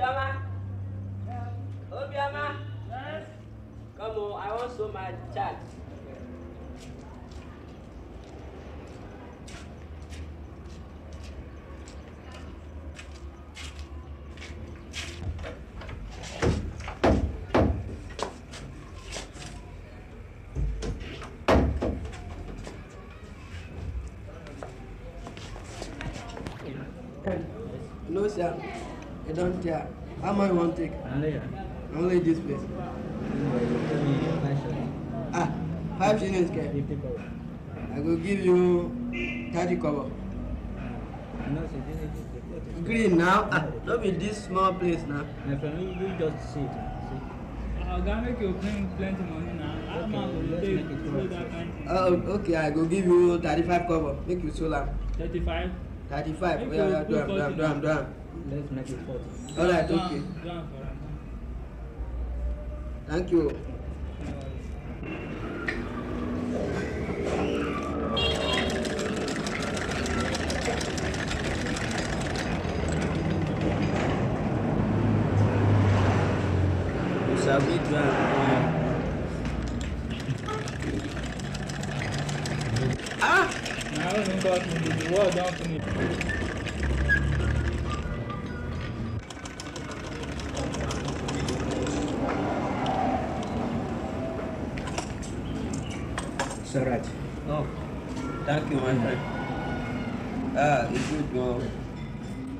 Obioma? Yes. Obioma? Yes. Come on, I want so my child. No, sir. I don't care. How much you want to take? Only uh, this place. Ah, five shillings, care. I will give you 30 ah, cover. Green now, ah, don't be this small place now. My family, you just sit. I'll make you plenty money now. Oh, okay, I will give you 35 cover. Make you so long. 35? 35. Where are you? Drum, drum, drum, Let's make it 40. Alright, okay. Thank you. Sabi drum, drum. Ah! I don't Não, não gosto muito de gordão comigo. Saraj. Oh, thank you, my friend. Ah, it's good,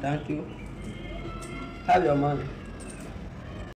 Thank you. Have your money.